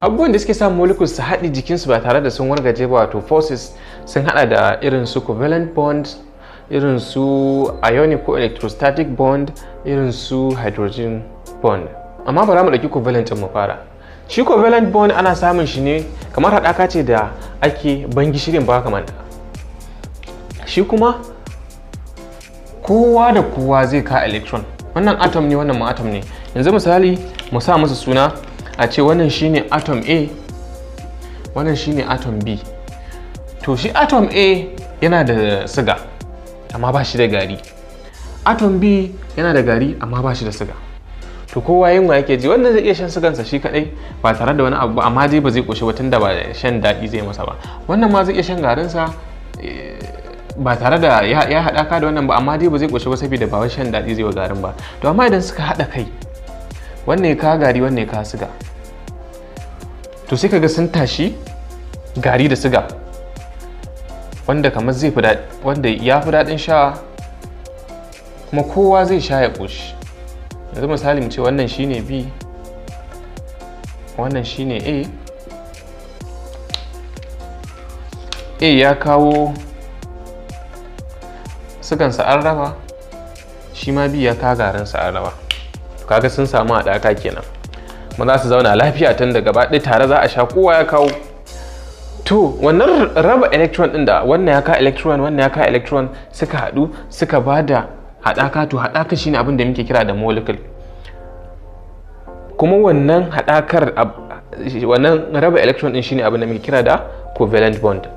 abubuwan da suke sa molecules su haɗi jikinsu ba tare da sun wargaje ba wato forces sun haɗa da irin su covalent bond irin su ionic ko electrostatic bond irin su hydrogen bond amma bara mu ɗauki covalent mu fara shi covalent bond ana samun shi ne kamar haɗaka ce da ake ban gishirin ba kamar shi kuma kowa da kowa zai ka electron wannan atom ne wannan ma atom ne yanzu misali mu sa musu suna a ce wannan shine atom a wannan shine atom b to shi atom a yana da siga amma ba shi da gari atom b yana da gari amma ba shi da siga to kowa wa yake ji wannan zai iya shan sigansa shi kadai ba tare da wani abu amma dai ba zai koshe ba tunda ba shan daɗi zai masa ba wannan ma zai iya shan garinsa eh, ba tare da ya haɗa ka da wannan ba amma dai ba zai koshe ba saboda ba wai shan daɗi zai wa garin ba to amma idan suka haɗa kai wannan ya ka gari wannan ya ka siga to sai kaga sun tashi gari da siga wanda kamar zai fi wanda ya fi daɗin sha kuma kowa zai sha ya ƙoshi yanzu misali mu ce wannan shine b wannan shine a a ya kawo sukan an raba shi ma b ya kawo garinsa an raba kaga sun samu haɗaka kenan kuma za su zauna lafiya tun da gaba tare za a sha kowa ya kawo to wannan raba electron ɗin da wannan ya ka electron wannan ya ka electron suka haɗu suka ba da haɗaka to haɗaka shine abin da muke kira da molecule kuma wannan haɗakar wannan raba electron ɗin shine abin da muke kira da covalent bond